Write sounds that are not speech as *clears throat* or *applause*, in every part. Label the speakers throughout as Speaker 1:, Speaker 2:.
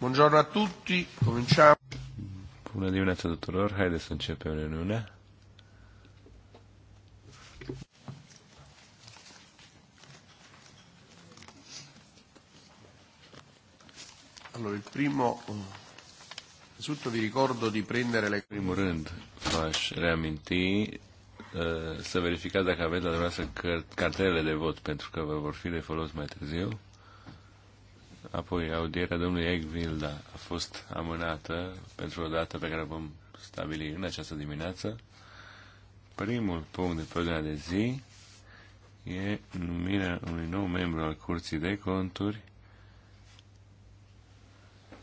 Speaker 1: Buongiorno a tutti, cominciamo. Bună dimineața tuturor, haideți să începem reuniunea. Allora, il primo... Innanzitutto vi ricordo di prendere le... In primul rând, v-aș reaminti eh, să verificați dacă aveți la dumneavoastră cartelele de vot, pentru că vă vor fi de folos mai târziu. Apoi, audierea domnului Egvilda a fost amânată pentru o dată pe care vom stabili în această dimineață. Primul punct de pe de zi e numirea unui nou membru al Curții de Conturi.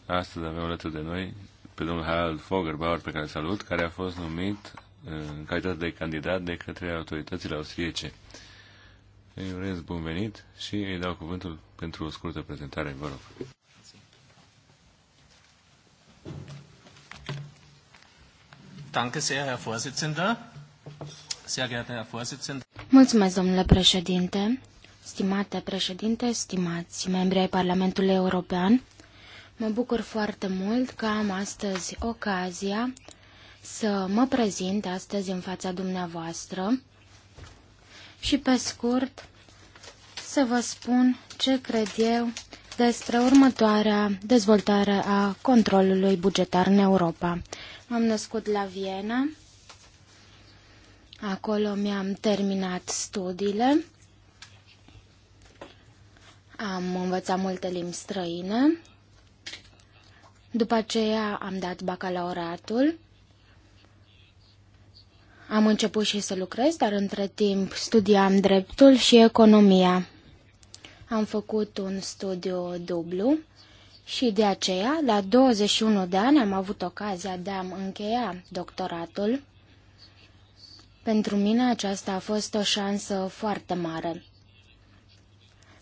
Speaker 1: Astăzi avem alături de noi pe domnul Harald Fogerbauer, pe care salut, care a fost numit uh, în calitate de candidat de către autoritățile austriece. Îi urez bun venit și îi dau cuvântul pentru o scurtă prezentare, vă rog. Danke sehr, Herr Vorsitzender. Sehr geehrter Herr Vorsitzender.
Speaker 2: Mulțumesc, domnule președinte, stimate președinte, stimați membri ai Parlamentului European. Mă bucur foarte mult că am astăzi ocazia să mă prezint astăzi în fața dumneavoastră și pe scurt să vă spun ce cred eu despre următoarea dezvoltare a controlului bugetar în Europa. M-am născut la Viena, acolo mi-am terminat studiile, am învățat multe limbi străine, după aceea am dat bacalaureatul am început și să lucrez, dar între timp studiam dreptul și economia. Am făcut un studiu dublu și de aceea, la 21 de ani, am avut ocazia de a-mi încheia doctoratul. Pentru mine aceasta a fost o șansă foarte mare.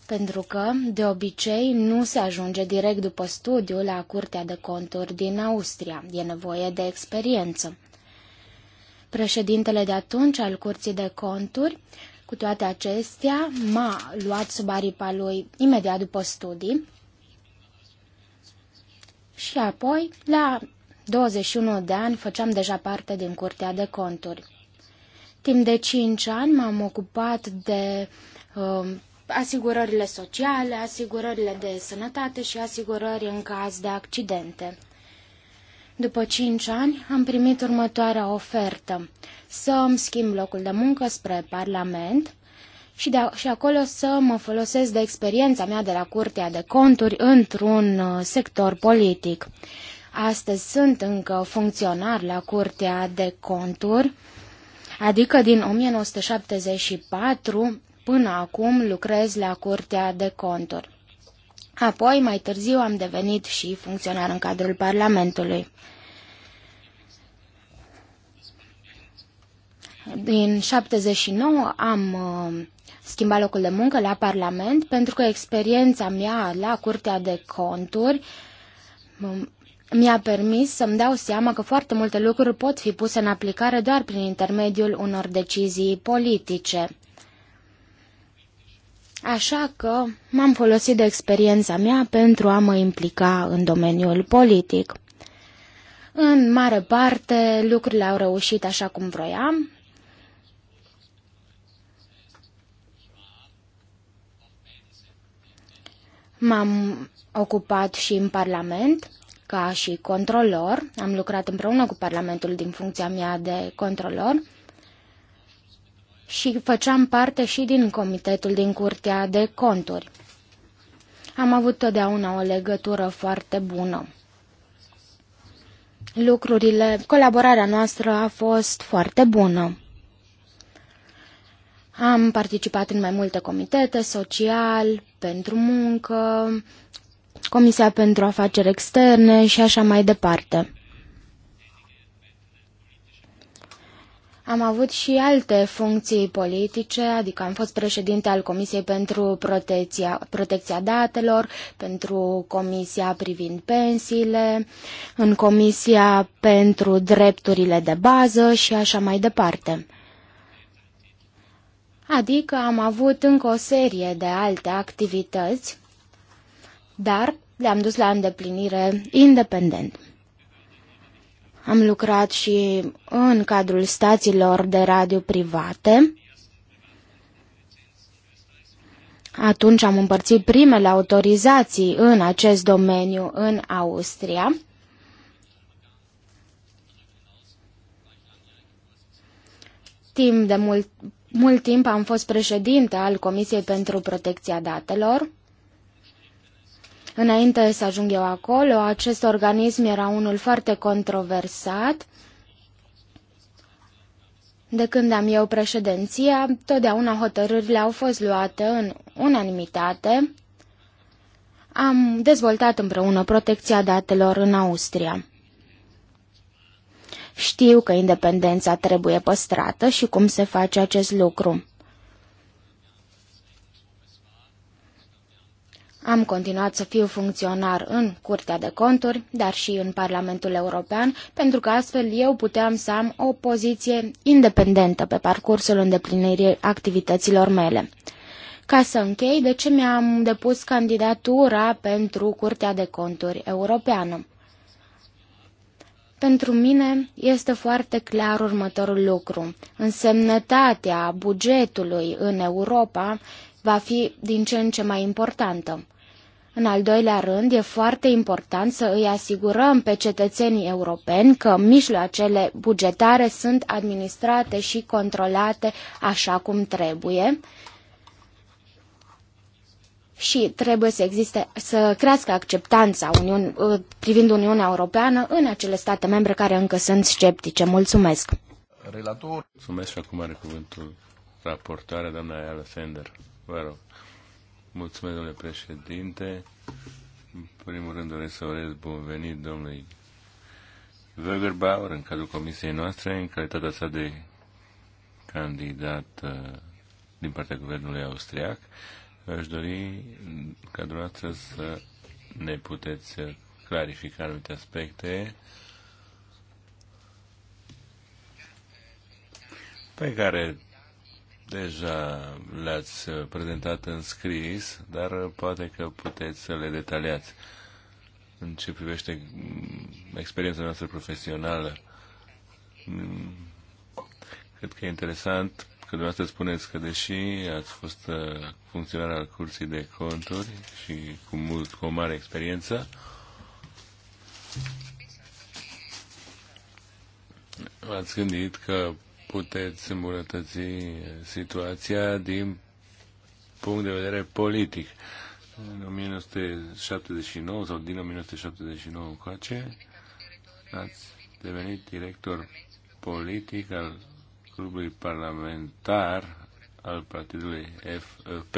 Speaker 2: Pentru că, de obicei, nu se ajunge direct după studiu la Curtea de Conturi din Austria. E nevoie de experiență. Președintele de atunci al Curții de Conturi, cu toate acestea, m-a luat sub aripa lui imediat după studii și apoi, la 21 de ani, făceam deja parte din Curtea de Conturi. Timp de 5 ani m-am ocupat de uh, asigurările sociale, asigurările de sănătate și asigurări în caz de accidente. După cinci ani am primit următoarea ofertă. Să îmi schimb locul de muncă spre Parlament și, de, și acolo să mă folosesc de experiența mea de la Curtea de Conturi într-un uh, sector politic. Astăzi sunt încă funcționar la Curtea de Conturi, adică din 1974 până acum lucrez la Curtea de Conturi. Apoi, mai târziu, am devenit și funcționar în cadrul Parlamentului. Din 79 am uh, schimbat locul de muncă la Parlament pentru că experiența mea la Curtea de Conturi mi-a permis să-mi dau seama că foarte multe lucruri pot fi puse în aplicare doar prin intermediul unor decizii politice. Așa că m-am folosit de experiența mea pentru a mă implica în domeniul politic. În mare parte, lucrurile au reușit așa cum vroiam. M-am ocupat și în Parlament, ca și controlor. Am lucrat împreună cu Parlamentul din funcția mea de controlor și făceam parte și din comitetul din Curtea de Conturi. Am avut totdeauna o legătură foarte bună. Lucrurile, colaborarea noastră a fost foarte bună. Am participat în mai multe comitete, social, pentru muncă, Comisia pentru Afaceri Externe și așa mai departe. Am avut și alte funcții politice, adică am fost președinte al Comisiei pentru protecția, protecția datelor, pentru Comisia privind pensiile, în Comisia pentru drepturile de bază și așa mai departe. Adică am avut încă o serie de alte activități, dar le-am dus la îndeplinire independent. Am lucrat și în cadrul stațiilor de radio private. Atunci am împărțit primele autorizații în acest domeniu în Austria. Timp de mult, mult timp am fost președinte al Comisiei pentru Protecția Datelor. Înainte să ajung eu acolo, acest organism era unul foarte controversat. De când am eu președinția, totdeauna hotărârile au fost luate în unanimitate. Am dezvoltat împreună protecția datelor în Austria. Știu că independența trebuie păstrată și cum se face acest lucru. Am continuat să fiu funcționar în Curtea de Conturi, dar și în Parlamentul European, pentru că astfel eu puteam să am o poziție independentă pe parcursul îndeplinirii activităților mele. Ca să închei, de ce mi-am depus candidatura pentru Curtea de Conturi Europeană? Pentru mine este foarte clar următorul lucru. Însemnătatea bugetului în Europa va fi din ce în ce mai importantă. În al doilea rând, e foarte important să îi asigurăm pe cetățenii europeni că mijloacele bugetare sunt administrate și controlate așa cum trebuie și trebuie să existe, să crească acceptanța uh, privind Uniunea Europeană în acele state membre care încă sunt sceptice. Mulțumesc!
Speaker 1: Relator. Mulțumesc și acum are cuvântul raportarea doamna Ayala Vă rog. Mulțumesc, domnule președinte. În primul rând doresc să urez bun venit domnului Vögerbauer în cadrul comisiei noastre în calitatea sa de candidat uh, din partea guvernului austriac. Aș dori mm, ca dumneavoastră să ne puteți uh, clarifica anumite aspecte pe care deja le-ați prezentat în scris, dar poate că puteți să le detaliați în ce privește mm, experiența noastră profesională. Mm, cred că e interesant că dumneavoastră spuneți că deși ați fost uh, funcționar al Curții de Conturi și cu, mult, cu o mare experiență, ați gândit că puteți îmbunătăți eh, situația din punct de vedere politic. În 1979 sau din 1979 încoace ați devenit director politic al clubului parlamentar al partidului FP.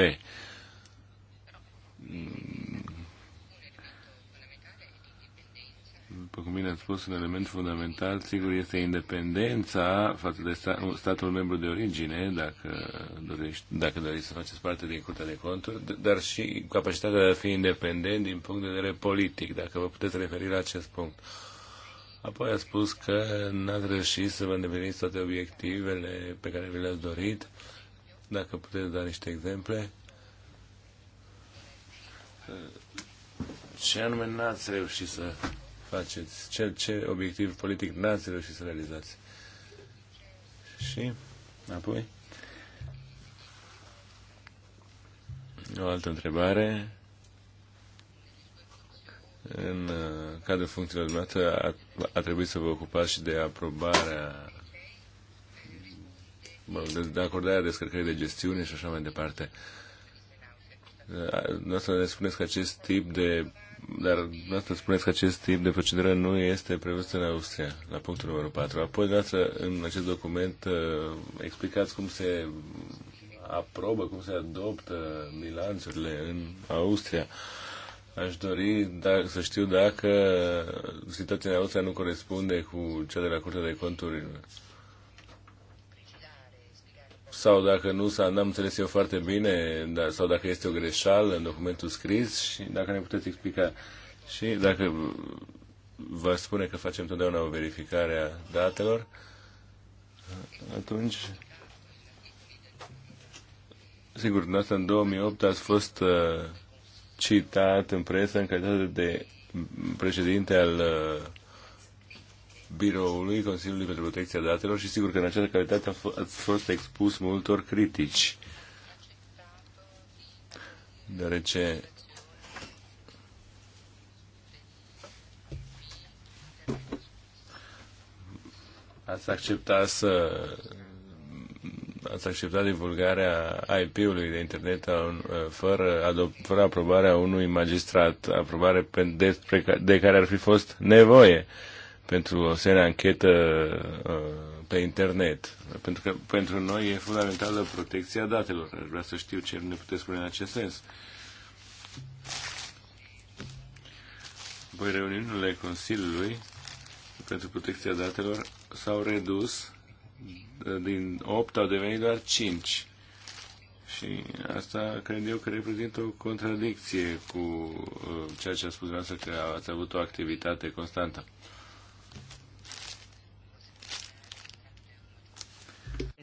Speaker 1: după cum bine ați spus, un element fundamental, sigur, este independența față de statul membru de origine, dacă doriți, dacă doriți să faceți parte din Curtea de Conturi, dar și capacitatea de a fi independent din punct de vedere politic, dacă vă puteți referi la acest punct. Apoi a spus că n-ați reușit să vă îndepliniți toate obiectivele pe care vi le-ați dorit. Dacă puteți da niște exemple. Ce anume n-ați reușit să faceți, cel ce obiectiv politic n-ați reușit să realizați. Și apoi o altă întrebare în uh, cadrul funcțiilor dumneavoastră a, a trebuit să vă ocupați și de aprobarea de, de acordarea descărcării de gestiune și așa mai departe. Uh, Noastră ne spuneți că acest tip de dar asta spuneți că acest tip de procedură nu este prevăzut în Austria, la punctul numărul 4. Apoi, dumneavoastră, în acest document uh, explicați cum se aprobă, cum se adoptă bilanțurile în Austria. Aș dori dacă, să știu dacă situația în Austria nu corespunde cu cea de la Curtea de Conturi sau dacă nu s-a, n-am înțeles eu foarte bine, da, sau dacă este o greșeală în documentul scris și dacă ne puteți explica. Și dacă vă spune că facem totdeauna o verificare a datelor, atunci Sigur, dumneavoastră în 2008 ați fost uh, citat în presă în calitate de președinte al uh, biroului Consiliului pentru Protecția Datelor și sigur că în această calitate ați fost expus multor critici, deoarece ați acceptat să ați acceptat divulgarea IP-ului de internet uh, fără, fără aprobarea unui magistrat, aprobare de care ar fi fost nevoie. Uh, pentru o serie anchetă uh, pe internet. Pentru că pentru noi e fundamentală protecția datelor. Aș vrea să știu ce ne puteți spune în acest sens. Apoi reuniunile Consiliului pentru protecția datelor s-au redus uh, din 8 au devenit doar 5. Și asta cred eu că reprezintă o contradicție cu uh, ceea ce a spus dumneavoastră că ați avut o activitate constantă.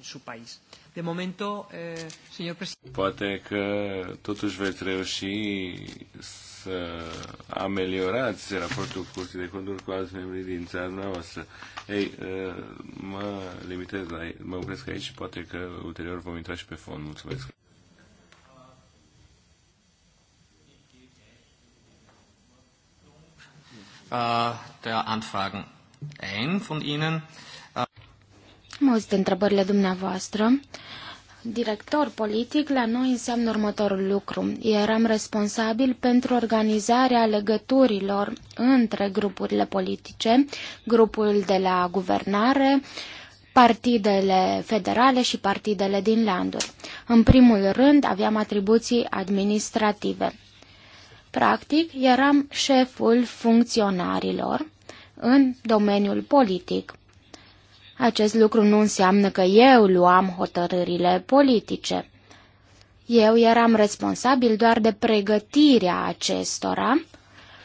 Speaker 3: su país. De momento, eh, señor presidente.
Speaker 1: Poate că totuși veți reuși să ameliorați raportul Curții de Conturi cu alți membri din țara noastră. Ei, eh, mă limitez la, mă opresc aici și poate că ulterior vom intra și pe fond. Mulțumesc.
Speaker 2: Uh, der Anfragen ein von Ihnen. Uh... Mulți de întrebările dumneavoastră. Director politic la noi înseamnă următorul lucru. Eram responsabil pentru organizarea legăturilor între grupurile politice, grupul de la guvernare, partidele federale și partidele din landuri. În primul rând aveam atribuții administrative. Practic, eram șeful funcționarilor în domeniul politic. Acest lucru nu înseamnă că eu luam hotărârile politice. Eu eram responsabil doar de pregătirea acestora,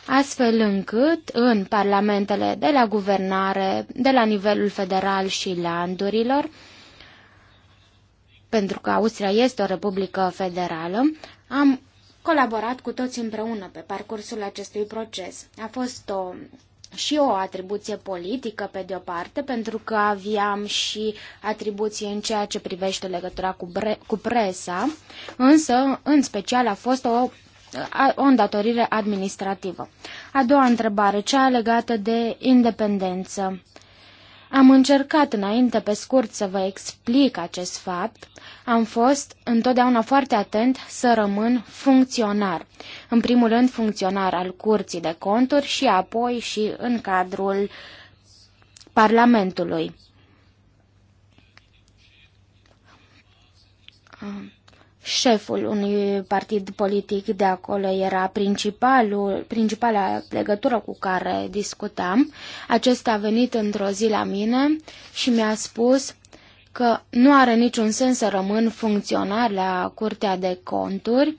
Speaker 2: astfel încât în parlamentele de la guvernare, de la nivelul federal și landurilor, pentru că Austria este o republică federală, am colaborat cu toți împreună pe parcursul acestui proces. A fost o și o atribuție politică, pe de-o parte, pentru că aveam și atribuție în ceea ce privește legătura cu, bre- cu presa, însă, în special, a fost o, o îndatorire administrativă. A doua întrebare, cea legată de independență. Am încercat înainte pe scurt să vă explic acest fapt. Am fost întotdeauna foarte atent să rămân funcționar. În primul rând funcționar al curții de conturi și apoi și în cadrul Parlamentului șeful unui partid politic de acolo era principalul, principala legătură cu care discutam. Acesta a venit într-o zi la mine și mi-a spus că nu are niciun sens să rămân funcționar la Curtea de Conturi,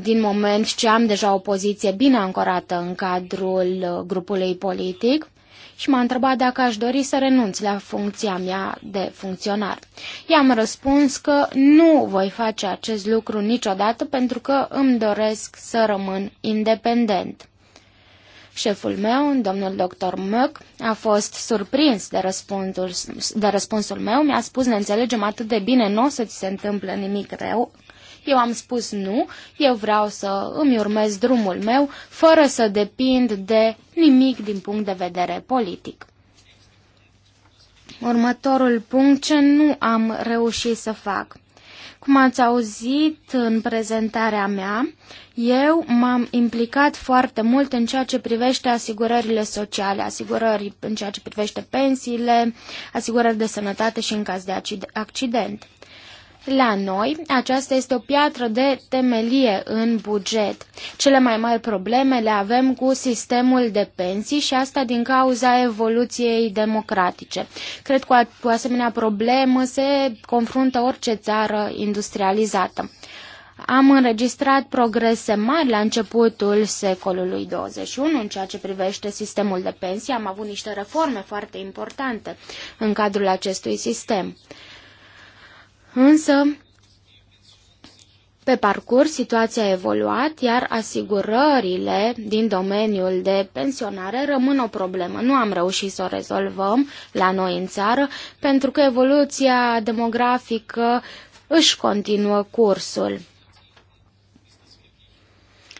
Speaker 2: din moment ce am deja o poziție bine ancorată în cadrul grupului politic și m-a întrebat dacă aș dori să renunț la funcția mea de funcționar. I-am răspuns că nu voi face acest lucru niciodată pentru că îmi doresc să rămân independent. Șeful meu, domnul doctor Măc, a fost surprins de răspunsul, de răspunsul meu. Mi-a spus, ne înțelegem atât de bine, nu o să ți se întâmple nimic rău, eu am spus nu, eu vreau să îmi urmez drumul meu, fără să depind de nimic din punct de vedere politic. Următorul punct ce nu am reușit să fac. Cum ați auzit în prezentarea mea, eu m-am implicat foarte mult în ceea ce privește asigurările sociale, asigurări în ceea ce privește pensiile, asigurări de sănătate și în caz de accident. La noi, aceasta este o piatră de temelie în buget. Cele mai mari probleme le avem cu sistemul de pensii și asta din cauza evoluției democratice. Cred că cu asemenea problemă se confruntă orice țară industrializată. Am înregistrat progrese mari la începutul secolului 21 în ceea ce privește sistemul de pensii. Am avut niște reforme foarte importante în cadrul acestui sistem. Însă, pe parcurs, situația a evoluat, iar asigurările din domeniul de pensionare rămân o problemă. Nu am reușit să o rezolvăm la noi în țară, pentru că evoluția demografică își continuă cursul.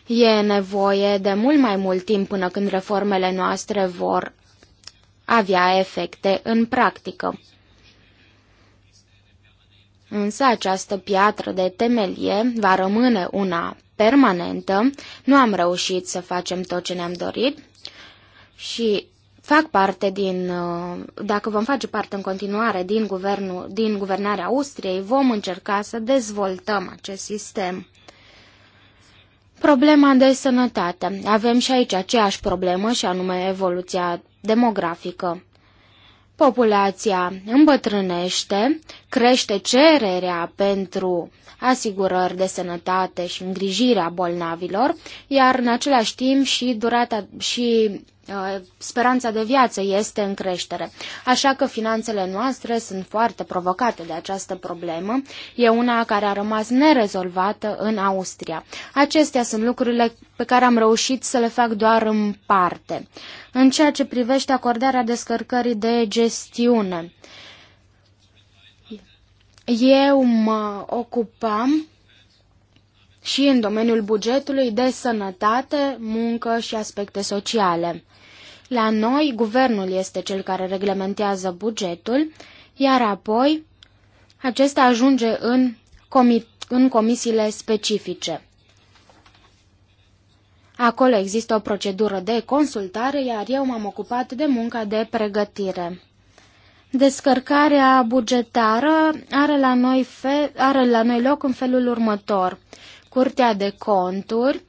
Speaker 2: E nevoie de mult mai mult timp până când reformele noastre vor avea efecte în practică. Însă această piatră de temelie va rămâne una permanentă. Nu am reușit să facem tot ce ne-am dorit și fac parte din, uh, dacă vom face parte în continuare din, guvernul, din guvernarea Austriei, vom încerca să dezvoltăm acest sistem. Problema de sănătate. Avem și aici aceeași problemă și anume evoluția demografică populația îmbătrânește, crește cererea pentru asigurări de sănătate și îngrijirea bolnavilor, iar în același timp și durata și Uh, speranța de viață este în creștere. Așa că finanțele noastre sunt foarte provocate de această problemă. E una care a rămas nerezolvată în Austria. Acestea sunt lucrurile pe care am reușit să le fac doar în parte. În ceea ce privește acordarea descărcării de gestiune, eu mă ocupam și în domeniul bugetului de sănătate, muncă și aspecte sociale. La noi, guvernul este cel care reglementează bugetul, iar apoi acesta ajunge în, comi- în comisiile specifice. Acolo există o procedură de consultare, iar eu m-am ocupat de munca de pregătire. Descărcarea bugetară are la, noi are la noi loc în felul următor. Curtea de conturi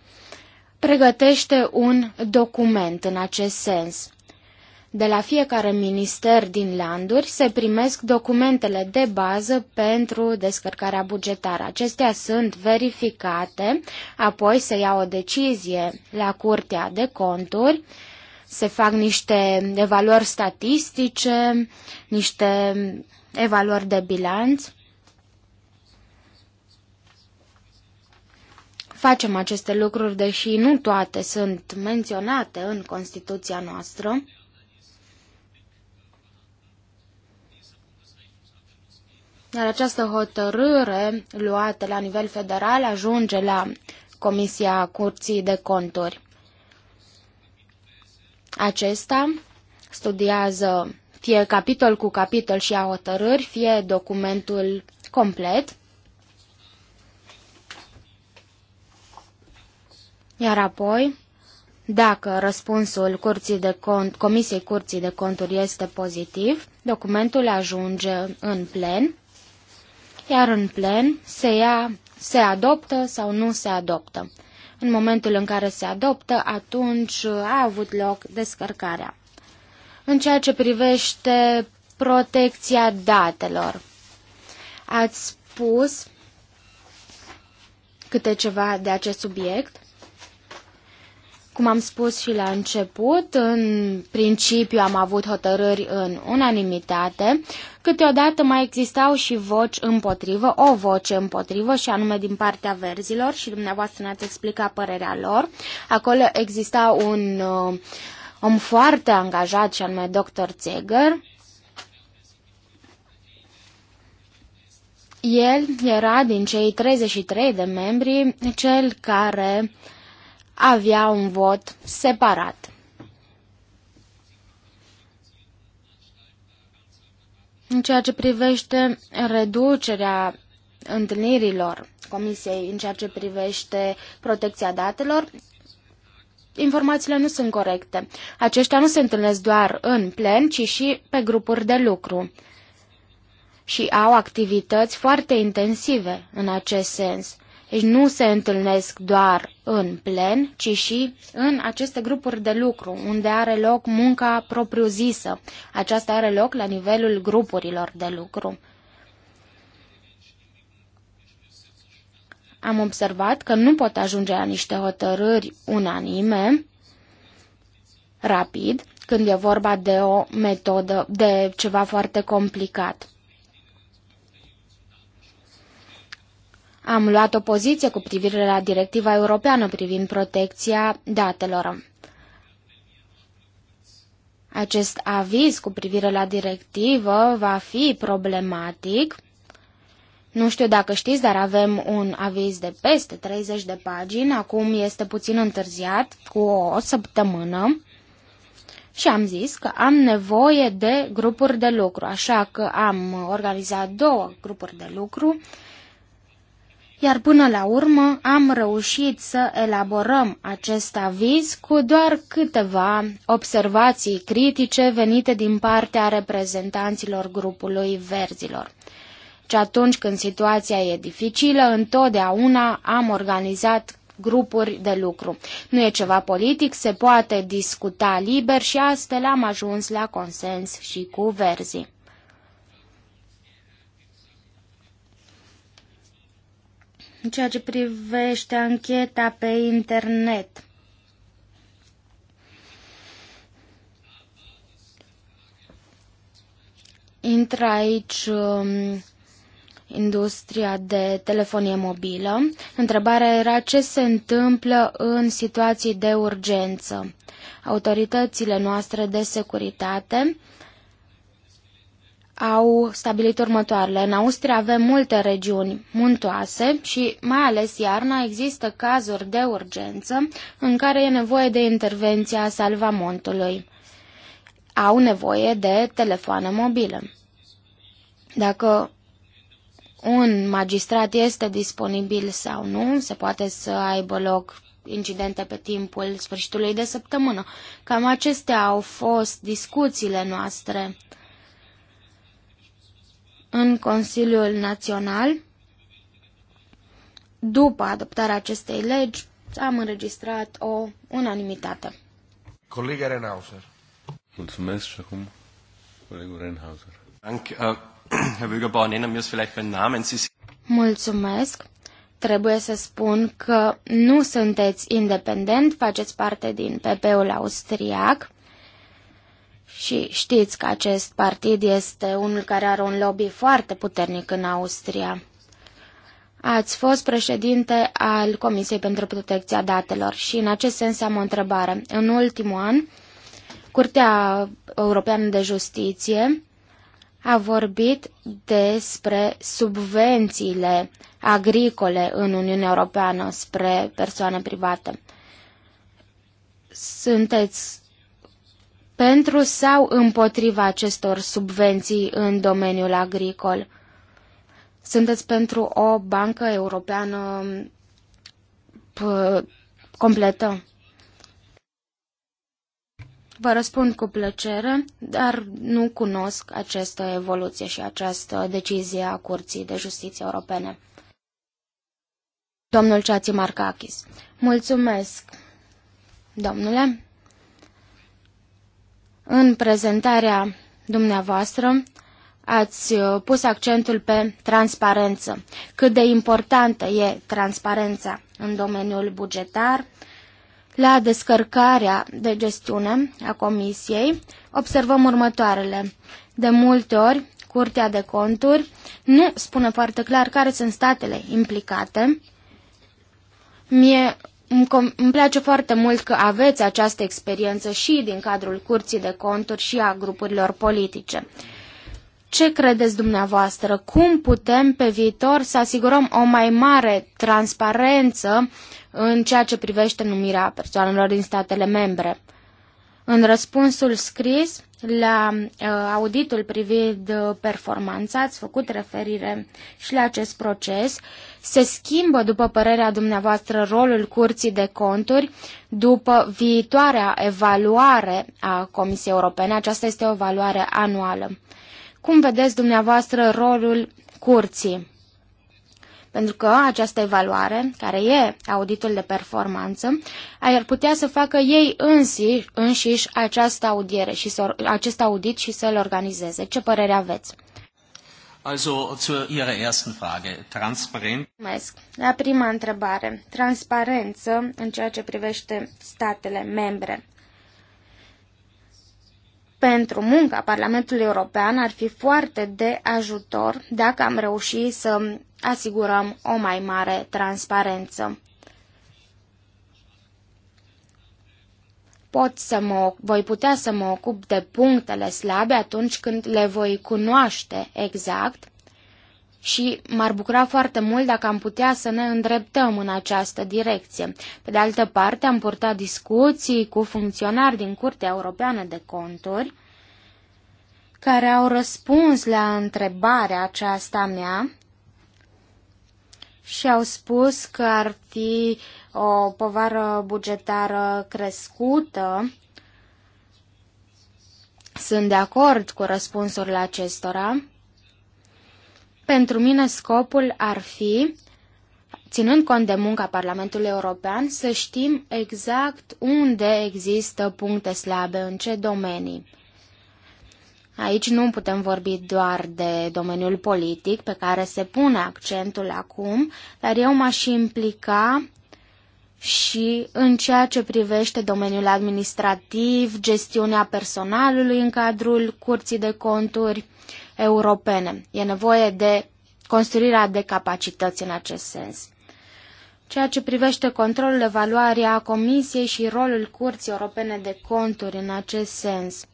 Speaker 2: pregătește un document în acest sens. De la fiecare minister din landuri se primesc documentele de bază pentru descărcarea bugetară. Acestea sunt verificate, apoi se ia o decizie la Curtea de Conturi, se fac niște evaluări statistice, niște evaluări de bilanț Facem aceste lucruri, deși nu toate sunt menționate în Constituția noastră. Dar această hotărâre luată la nivel federal ajunge la Comisia Curții de Conturi. Acesta studiază fie capitol cu capitol și a hotărâri, fie documentul complet Iar apoi, dacă răspunsul curții de cont, Comisiei Curții de Conturi este pozitiv, documentul ajunge în plen, iar în plen se, ia, se adoptă sau nu se adoptă. În momentul în care se adoptă, atunci a avut loc descărcarea. În ceea ce privește protecția datelor, ați spus câte ceva de acest subiect? Cum am spus și la început, în principiu am avut hotărâri în unanimitate. Câteodată mai existau și voci împotrivă, o voce împotrivă și anume din partea verzilor și dumneavoastră ne-ați explicat părerea lor. Acolo exista un uh, om foarte angajat și anume dr. Zeger. El era din cei 33 de membri cel care uh, avea un vot separat. În ceea ce privește reducerea întâlnirilor Comisiei, în ceea ce privește protecția datelor, informațiile nu sunt corecte. Aceștia nu se întâlnesc doar în plen, ci și pe grupuri de lucru și au activități foarte intensive în acest sens. Deci nu se întâlnesc doar în plen, ci și în aceste grupuri de lucru, unde are loc munca propriu-zisă. Aceasta are loc la nivelul grupurilor de lucru. Am observat că nu pot ajunge la niște hotărâri unanime, rapid, când e vorba de o metodă, de ceva foarte complicat. Am luat o poziție cu privire la directiva europeană privind protecția datelor. Acest aviz cu privire la directivă va fi problematic. Nu știu dacă știți, dar avem un aviz de peste 30 de pagini. Acum este puțin întârziat, cu o săptămână. Și am zis că am nevoie de grupuri de lucru, așa că am organizat două grupuri de lucru iar până la urmă am reușit să elaborăm acest aviz cu doar câteva observații critice venite din partea reprezentanților grupului verzilor. Și atunci când situația e dificilă, întotdeauna am organizat grupuri de lucru. Nu e ceva politic, se poate discuta liber și astfel am ajuns la consens și cu verzii. în ceea ce privește ancheta pe internet. Intră aici um, industria de telefonie mobilă. Întrebarea era ce se întâmplă în situații de urgență. Autoritățile noastre de securitate uh, au stabilit următoarele. În Austria avem multe regiuni muntoase și, mai ales iarna, există cazuri de urgență în care e nevoie de intervenția salvamontului. Au nevoie de telefoane mobile. Dacă un magistrat este disponibil sau nu, se poate să aibă loc incidente pe timpul sfârșitului de săptămână. Cam acestea au fost discuțiile noastre în Consiliul Național. După adoptarea acestei legi, am înregistrat o unanimitate.
Speaker 1: Colega Renhauser. Mulțumesc și acum colegul Renhauser. Äh,
Speaker 2: Mulțumesc. Trebuie să spun că nu sunteți independent, faceți parte din PP-ul austriac și știți că acest partid este unul care are un lobby foarte puternic în Austria. Ați fost președinte al Comisiei pentru Protecția Datelor și în acest sens am o întrebare. În ultimul an, Curtea Europeană de Justiție a vorbit despre subvențiile agricole în Uniunea Europeană spre persoane private. Sunteți pentru sau împotriva acestor subvenții în domeniul agricol? Sunteți pentru o bancă europeană completă? Vă răspund cu plăcere, dar nu cunosc această evoluție și această decizie a Curții de Justiție Europene. Domnul Ceații Marcachis. Mulțumesc, domnule. În prezentarea dumneavoastră ați uh, pus accentul pe transparență. Cât de importantă e transparența în domeniul bugetar, la descărcarea de gestiune a comisiei, observăm următoarele. De multe ori, Curtea de Conturi nu spune foarte clar care sunt statele implicate. Mie îmi place foarte mult că aveți această experiență și din cadrul curții de conturi și a grupurilor politice. Ce credeți dumneavoastră? Cum putem pe viitor să asigurăm o mai mare transparență în ceea ce privește numirea persoanelor din statele membre? În răspunsul scris la uh, auditul privind uh, performanța, ați făcut referire și la acest proces se schimbă, după părerea dumneavoastră, rolul Curții de Conturi după viitoarea evaluare a Comisiei Europene? Aceasta este o evaluare anuală. Cum vedeți dumneavoastră rolul Curții? pentru că această evaluare, care e auditul de performanță, ar putea să facă ei însi, înșiși această audiere și să, acest audit și să-l organizeze. Ce părere aveți? Also zu Ihrer ersten Frage, transparent. La prima întrebare, transparență în ceea ce privește statele membre. Pentru munca Parlamentului European ar fi foarte de ajutor dacă am reușit să asigurăm o mai mare transparență. pot să mă, voi putea să mă ocup de punctele slabe atunci când le voi cunoaște exact și m-ar bucura foarte mult dacă am putea să ne îndreptăm în această direcție. Pe de altă parte, am purtat discuții cu funcționari din Curtea Europeană de Conturi care au răspuns la întrebarea aceasta mea și au spus că ar fi o povară bugetară crescută. Sunt de acord cu răspunsurile acestora. Pentru mine scopul ar fi, ținând cont de munca Parlamentului European, să știm exact unde există puncte slabe, în ce domenii. Aici nu putem vorbi doar de domeniul politic pe care se pune accentul acum, dar eu m-aș implica și în ceea ce privește domeniul administrativ, gestiunea personalului în cadrul curții de conturi europene. E nevoie de construirea de capacități în acest sens. Ceea ce privește controlul, evaluarea Comisiei și rolul Curții Europene de Conturi în acest sens.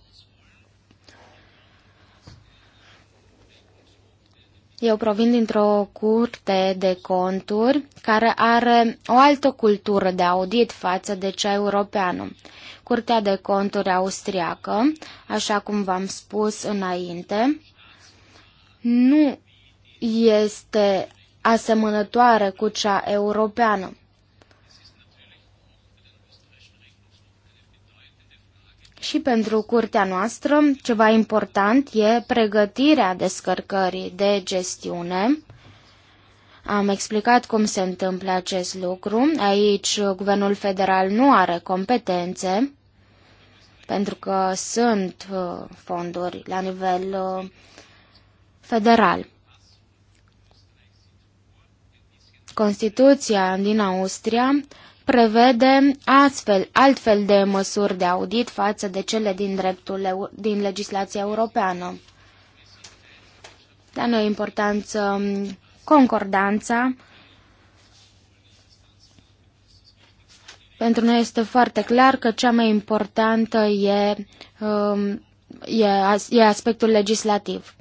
Speaker 2: Eu provin dintr-o curte de conturi care are o altă cultură de audit față de cea europeană. Curtea de conturi austriacă, așa cum v-am spus înainte, nu este asemănătoare cu cea europeană. Și pentru curtea noastră, ceva important e pregătirea descărcării de gestiune. Am explicat cum se întâmplă acest lucru. Aici guvernul federal nu are competențe pentru că sunt uh, fonduri la nivel uh, federal. Constituția din Austria prevede astfel, altfel de măsuri de audit față de cele din dreptul din legislația europeană. Dar nu e importanță um, concordanța. Pentru noi este foarte clar că cea mai importantă e, um, e, e aspectul legislativ.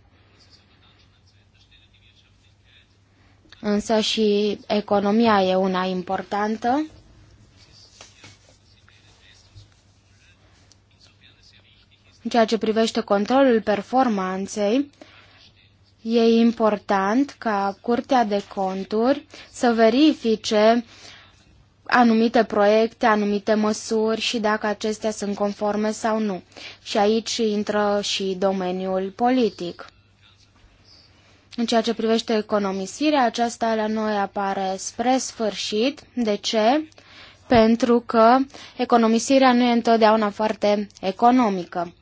Speaker 2: Însă și economia e una importantă. În ceea ce privește controlul performanței, e important ca Curtea de Conturi să verifice anumite proiecte, anumite măsuri și dacă acestea sunt conforme sau nu. Și aici intră și domeniul politic. În ceea ce privește economisirea, aceasta la noi apare spre sfârșit. De ce? Pentru că economisirea nu e întotdeauna foarte economică.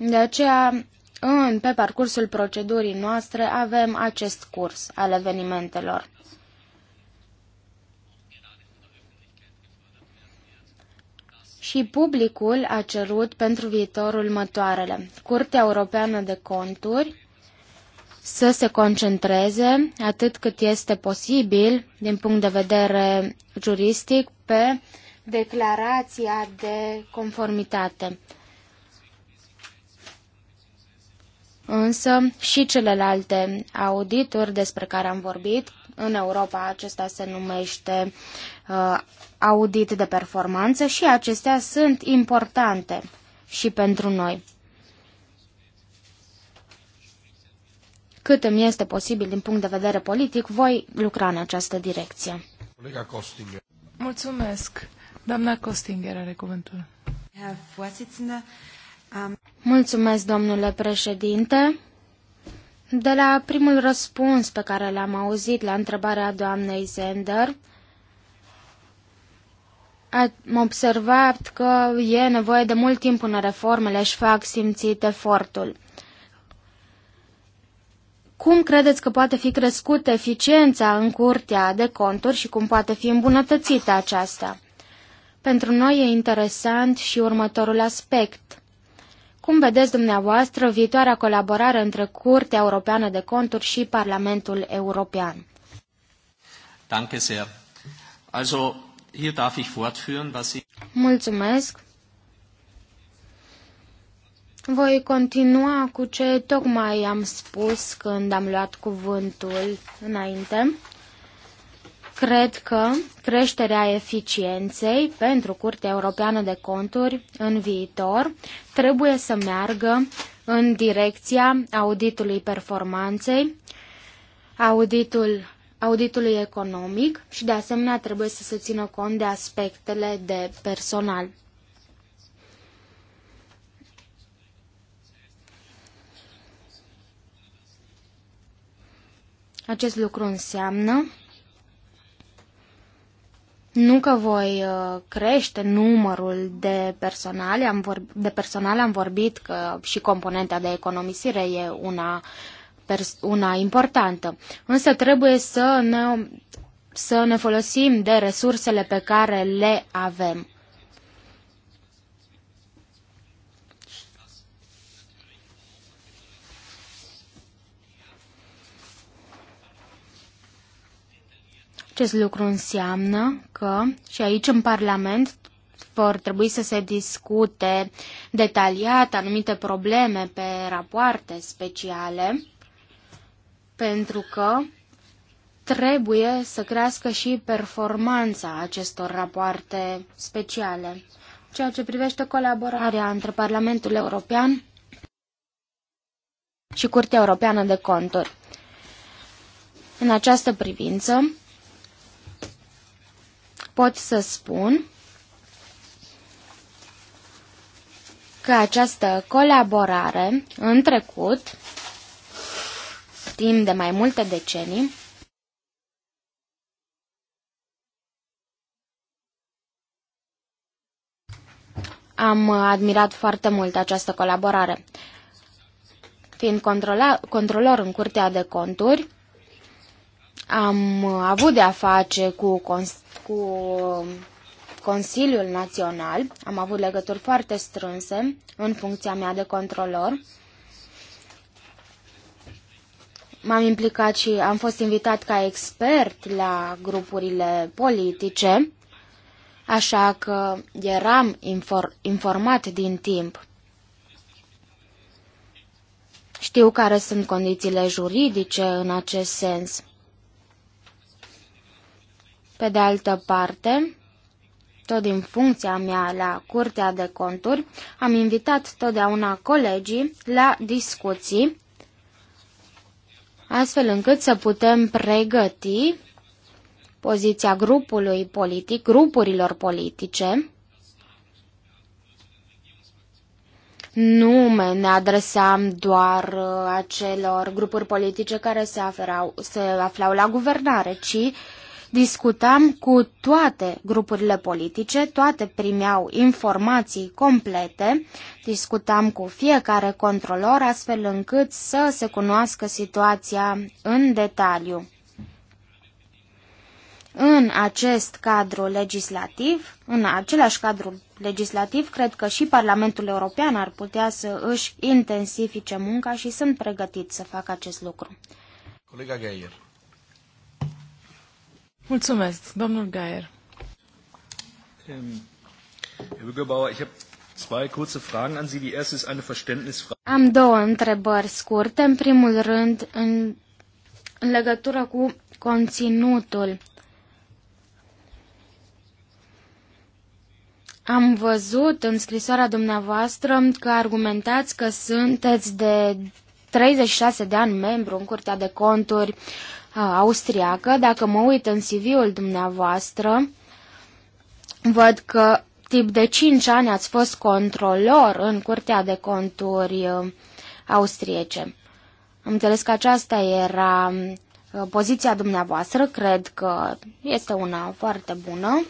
Speaker 2: De aceea, în, pe parcursul procedurii noastre, avem acest curs al evenimentelor. și publicul a cerut pentru viitorul următoarele. Curtea Europeană de Conturi să se concentreze atât cât este posibil din punct de vedere juristic pe declarația de conformitate. Însă și celelalte audituri despre care am vorbit, în Europa acesta se numește uh, audit de performanță și acestea sunt importante și pentru noi. Cât îmi este posibil din punct de vedere politic, voi lucra în această direcție.
Speaker 1: Colega Costinger.
Speaker 2: Mulțumesc. Doamna Costinger are cuvântul. um... Mulțumesc, domnule președinte. De la primul răspuns pe care l-am auzit la întrebarea doamnei Zender, am observat că e nevoie de mult timp până reformele își fac simțit efortul. Cum credeți că poate fi crescută eficiența în curtea de conturi și cum poate fi îmbunătățită aceasta? Pentru noi e interesant și următorul aspect – cum vedeți dumneavoastră viitoarea colaborare între Curtea Europeană de Conturi și Parlamentul European? Danke sehr. Also, hier darf ich fortführen, was ich... Mulțumesc. Voi continua cu ce tocmai am spus când am luat cuvântul înainte. Cred că creșterea eficienței pentru Curtea Europeană de Conturi în viitor trebuie să meargă în direcția auditului performanței, auditul, auditului economic și de asemenea trebuie să se țină cont de aspectele de personal. Acest lucru înseamnă nu că voi uh, crește numărul de personale, am vorbit, de personal am vorbit că și componenta de economisire e una, una importantă. Însă trebuie să ne, să ne folosim de resursele pe care le avem. Acest lucru înseamnă că și aici în Parlament vor trebui să se discute detaliat anumite probleme pe rapoarte speciale, pentru că trebuie să crească și performanța acestor rapoarte speciale. Ceea ce privește colaborarea între Parlamentul European și Curtea Europeană de Conturi. În această privință, pot să spun că această colaborare în trecut, timp de mai multe decenii, am admirat foarte mult această colaborare. Fiind controla, controlor în Curtea de Conturi, am avut de-a face cu, cu Consiliul Național, am avut legături foarte strânse în funcția mea de controlor. M-am implicat și am fost invitat ca expert la grupurile politice, așa că eram infor informat din timp. Știu care sunt condițiile juridice în acest sens. Pe de altă parte, tot din funcția mea la Curtea de Conturi, am invitat totdeauna colegii la discuții, astfel încât să putem pregăti poziția grupului politic, grupurilor politice, nume ne adresam doar uh, acelor grupuri politice care se, aferau, se aflau la guvernare, ci Discutam cu toate grupurile politice, toate primeau informații complete, discutam cu fiecare controlor astfel încât să se cunoască situația în detaliu. În acest cadru legislativ, în același cadru legislativ, cred că și Parlamentul European ar putea să își intensifice munca și sunt pregătit să facă acest lucru.
Speaker 1: Colega Gaier.
Speaker 3: Mulțumesc, domnul Gaier.
Speaker 2: Am două întrebări scurte. În primul rând, în, în legătură cu conținutul. Am văzut în scrisoarea dumneavoastră că argumentați că sunteți de 36 de ani membru în Curtea de Conturi austriacă. Dacă mă uit în CV-ul dumneavoastră, văd că tip de 5 ani ați fost controlor în Curtea de Conturi austriece. Am înțeles că aceasta era poziția dumneavoastră, cred că este una foarte bună.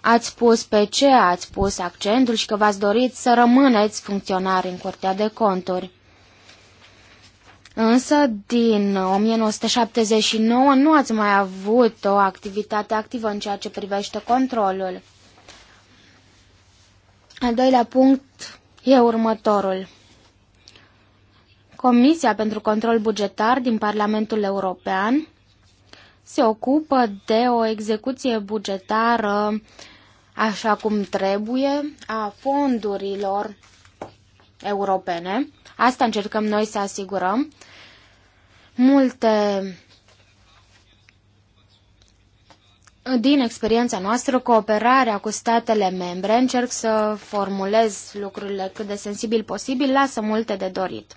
Speaker 2: Ați pus pe ce ați pus accentul și că v-ați dorit să rămâneți funcționari în Curtea de Conturi. Însă, din 1979 nu ați mai avut o activitate activă în ceea ce privește controlul. Al doilea punct e următorul. Comisia pentru Control Bugetar din Parlamentul European se ocupă de o execuție bugetară așa cum trebuie a fondurilor europene. Asta încercăm noi să asigurăm. Multe din experiența noastră, cooperarea cu statele membre, încerc să formulez lucrurile cât de sensibil posibil, lasă multe de dorit.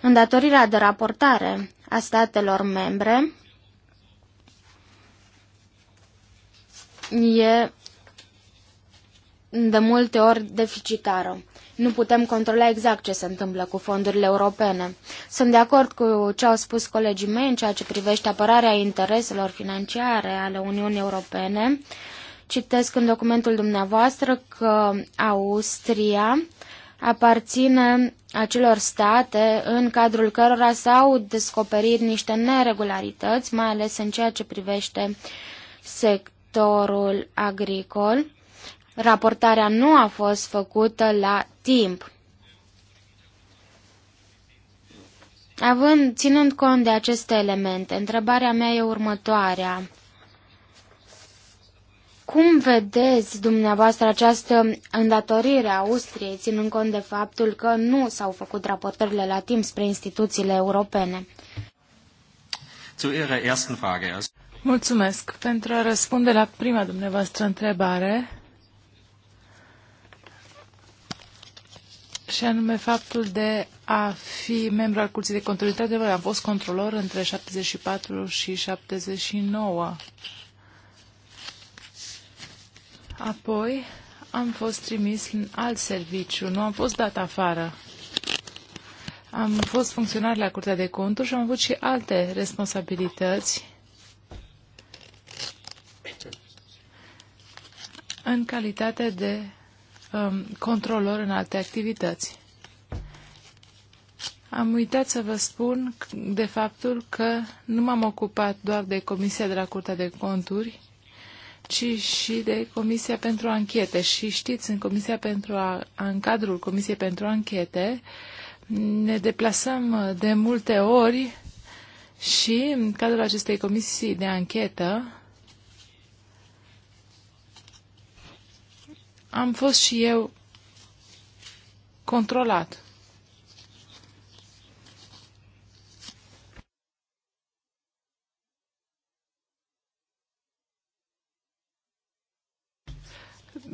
Speaker 2: Îndatorirea de raportare a statelor membre e de multe ori deficitară nu putem controla exact ce se întâmplă cu fondurile europene. Sunt de acord cu ce au spus colegii mei în ceea ce privește apărarea intereselor financiare ale Uniunii Europene. Citesc în documentul dumneavoastră că Austria aparține acelor state în cadrul cărora s-au descoperit niște neregularități, mai ales în ceea ce privește sectorul agricol. Raportarea nu a fost făcută la timp. Având, ținând cont de aceste elemente, întrebarea mea e următoarea. Cum vedeți dumneavoastră această îndatorire a Austriei, ținând cont de faptul că nu s-au făcut raportările la timp spre instituțiile europene?
Speaker 3: Mulțumesc pentru a răspunde la prima dumneavoastră întrebare. și anume faptul de a fi membru al Curții de Control. Într-adevăr, am fost controlor între 74 și 79. Apoi am fost trimis în alt serviciu, nu am fost dat afară. Am fost funcționar la Curtea de Conturi și am avut și alte responsabilități în calitate de um, controlor în alte activități. Am uitat să vă spun de faptul că nu m-am ocupat doar de Comisia de la Curtea de Conturi, ci și de Comisia pentru Anchete. Și știți, în, Comisia pentru a, în cadrul Comisiei pentru Anchete ne deplasăm de multe ori și în cadrul acestei comisii de anchetă am fost și eu controlat.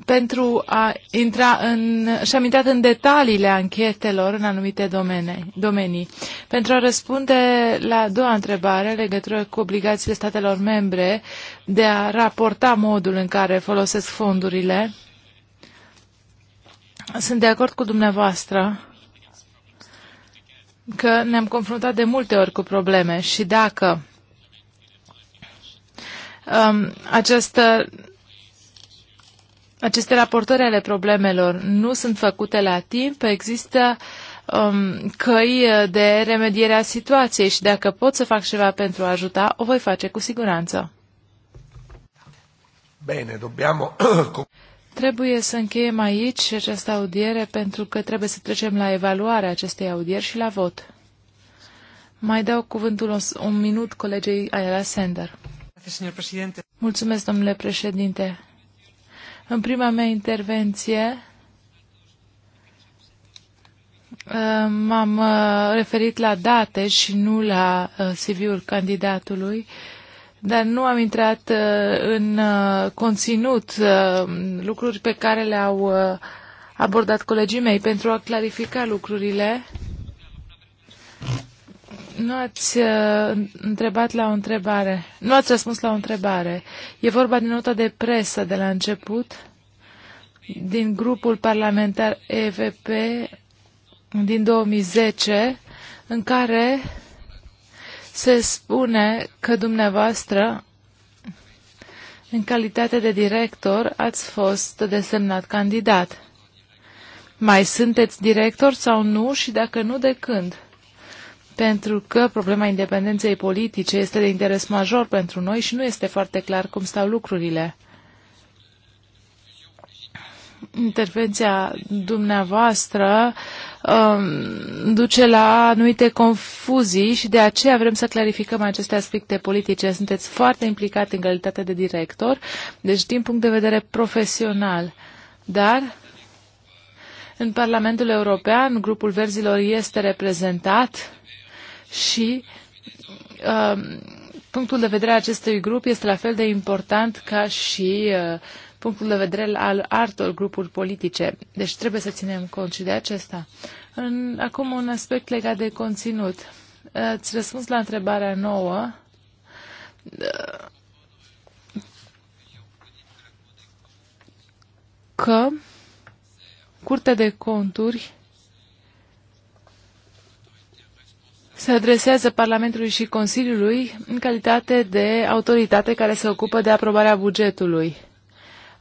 Speaker 3: pentru a intra în, și am intrat în detaliile anchetelor în anumite domene, domenii. Pentru a răspunde la a doua întrebare, legătură cu obligațiile statelor membre de a raporta modul în care folosesc fondurile, sunt de acord cu dumneavoastră că ne-am confruntat de multe ori cu probleme și dacă um, această, aceste raportări ale problemelor nu sunt făcute la timp, există um, căi de remediere a situației și dacă pot să fac ceva pentru a ajuta, o voi face cu siguranță.
Speaker 1: Bine, dobbiamo... *clears throat*
Speaker 3: Trebuie să încheiem aici această audiere pentru că trebuie să trecem la evaluarea acestei audieri și la vot. Mai dau cuvântul un minut colegei Ayala Sender. Mulțumesc, domnule președinte. În prima mea intervenție uh, m-am uh, referit la date și nu la uh, CV-ul candidatului dar nu am intrat uh, în uh, conținut uh, lucruri pe care le-au abordat colegii mei pentru a clarifica lucrurile. Nu ați uh, întrebat la o întrebare. Nu ați răspuns la o întrebare. E vorba de nota de presă de la început din grupul parlamentar EVP din 2010 în care uh, se spune că dumneavoastră, în calitate de director, ați fost desemnat candidat. Mai sunteți director sau nu și dacă nu, de când? Pentru că problema independenței politice este de interes major pentru noi și nu este foarte clar cum stau lucrurile intervenția dumneavoastră um, duce la anumite confuzii și de aceea vrem să clarificăm aceste aspecte politice. Sunteți foarte implicat în calitate de director, deci din punct de vedere profesional. Dar în Parlamentul European grupul verzilor este reprezentat și um, punctul de vedere a acestui grup este la fel de important ca și uh, punctul de vedere al altor grupuri politice. Deci trebuie să ținem cont și de acesta. În, acum un aspect legat de conținut. Ați răspuns la întrebarea nouă. Că Curtea de Conturi se adresează Parlamentului și Consiliului în calitate de autoritate care se ocupă de aprobarea bugetului.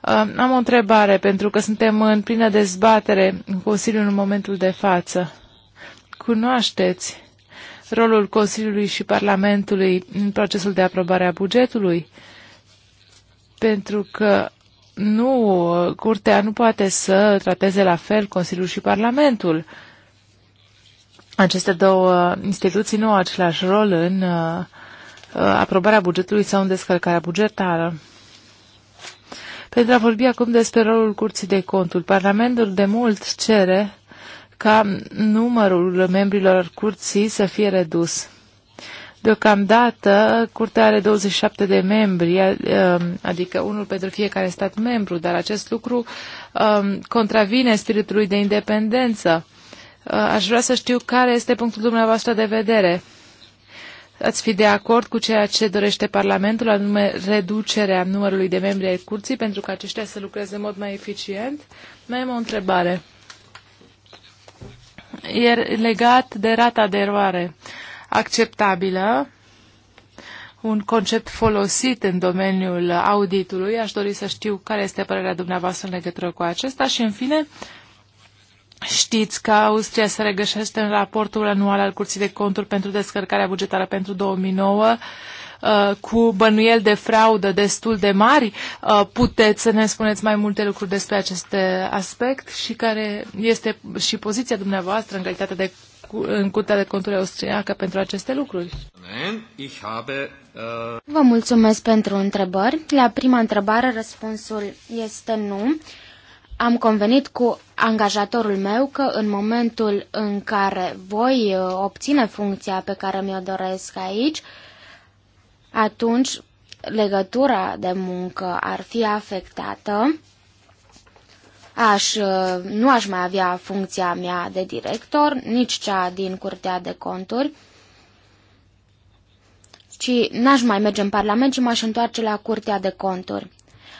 Speaker 3: Uh, am o întrebare, pentru că suntem în plină dezbatere în Consiliul în momentul de față. Cunoașteți rolul Consiliului și Parlamentului în procesul de aprobare a bugetului? Pentru că nu, Curtea nu poate să trateze la fel Consiliul și Parlamentul. Aceste două instituții nu au același rol în uh, aprobarea bugetului sau în descărcarea bugetară pentru a vorbi acum despre rolul Curții de Conturi. Parlamentul de mult cere ca numărul membrilor curții să fie redus. Deocamdată, curtea are 27 de membri, um, adică unul pentru fiecare stat membru, dar acest lucru um, contravine spiritului de independență. Uh, aș vrea să știu care este punctul dumneavoastră de vedere ați fi de acord cu ceea ce dorește Parlamentul, anume reducerea numărului de membri ai curții, pentru ca aceștia să lucreze în mod mai eficient? Mai am o întrebare. E legat de rata de eroare acceptabilă, un concept folosit în domeniul auditului. Aș dori să știu care este părerea dumneavoastră în legătură cu acesta și, în fine, uh, Știți că Austria se regășește în raportul anual al Curții de Conturi pentru descărcarea bugetară pentru 2009 uh, cu bănuieli de fraudă destul de mari. Uh, puteți să ne spuneți mai multe lucruri despre acest aspect și care este și poziția dumneavoastră în calitate de în Curtea de Conturi Austriacă pentru aceste lucruri? Vă mulțumesc pentru întrebări. La prima
Speaker 2: întrebare răspunsul este nu am convenit cu angajatorul meu că în momentul în care voi uh, obține funcția pe care mi-o doresc aici, atunci legătura de muncă ar fi afectată, aș, uh, nu aș mai avea funcția mea de director, nici cea din curtea de conturi, ci n-aș mai merge în Parlament, ci m-aș întoarce la curtea de conturi.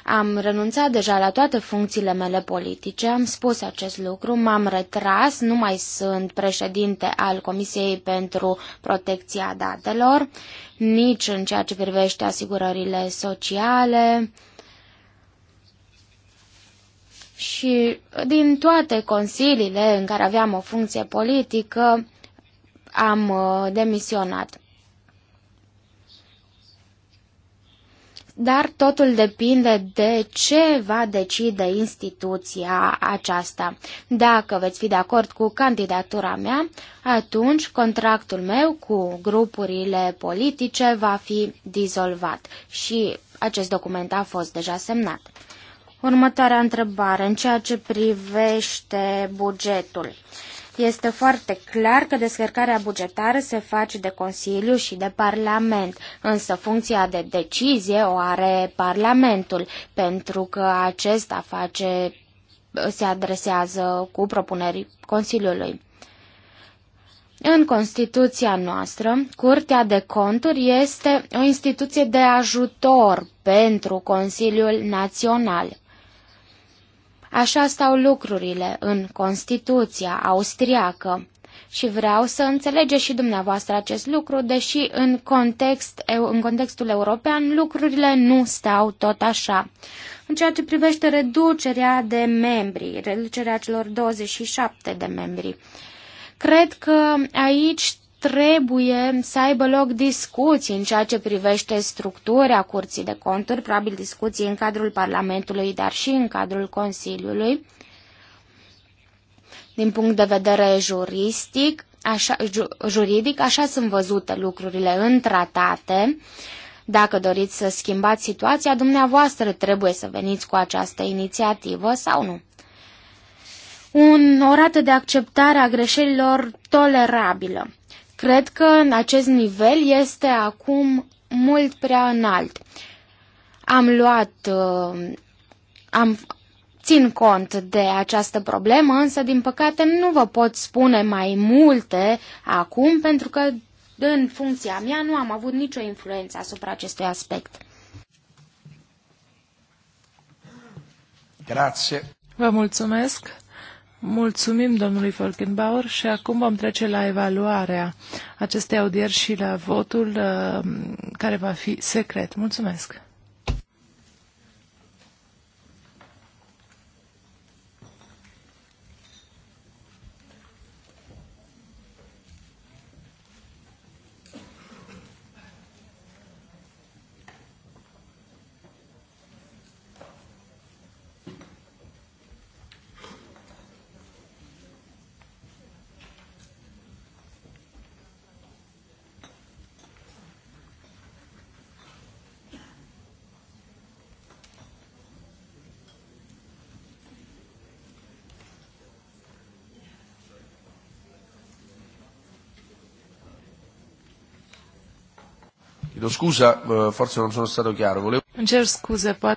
Speaker 2: Am renunțat deja la toate funcțiile mele politice, am spus acest lucru, m-am retras, nu mai sunt președinte al Comisiei pentru Protecția Datelor, nici în ceea ce privește asigurările sociale, și din toate consiliile în care aveam o funcție politică am uh, demisionat. dar totul depinde de ce va decide instituția aceasta. Dacă veți fi de acord cu candidatura mea, atunci contractul meu cu grupurile politice va fi dizolvat și acest document a fost deja semnat. Următoarea întrebare în ceea ce privește bugetul. Uh, este foarte clar că descărcarea bugetară se face de Consiliu și de Parlament, însă funcția de decizie o are Parlamentul, pentru că acesta face, se adresează cu propuneri Consiliului. În Constituția noastră, Curtea de Conturi este o instituție de ajutor pentru Consiliul Național. Așa stau lucrurile în Constituția austriacă. Și vreau să înțelegeți și dumneavoastră acest lucru, deși în, context, în contextul european lucrurile nu stau tot așa. În ceea ce privește reducerea de membri, reducerea celor 27 de membri, cred că aici trebuie să aibă loc discuții în ceea ce privește structura Curții de Conturi, probabil discuții în cadrul Parlamentului, dar și în cadrul Consiliului. Din punct de vedere juristic, așa, ju, juridic, așa sunt văzute lucrurile în tratate. Dacă doriți să schimbați situația, dumneavoastră trebuie să veniți cu această inițiativă sau nu un, o rată de acceptare a greșelilor tolerabilă. Cred că acest nivel este acum mult prea înalt. Am luat, uh, am, țin cont de această problemă, însă din păcate nu vă pot spune mai multe acum pentru că în funcția mea nu am avut nicio influență asupra acestui aspect. Grazie.
Speaker 3: Vă mulțumesc. Mulțumim domnului Falkenbauer și acum vom trece la evaluarea acestei audieri și la votul uh, care va fi secret. Mulțumesc!
Speaker 1: chiedo scusa, eh, forse non sono stato chiaro. Volevo...
Speaker 3: Non c'è scusa, poi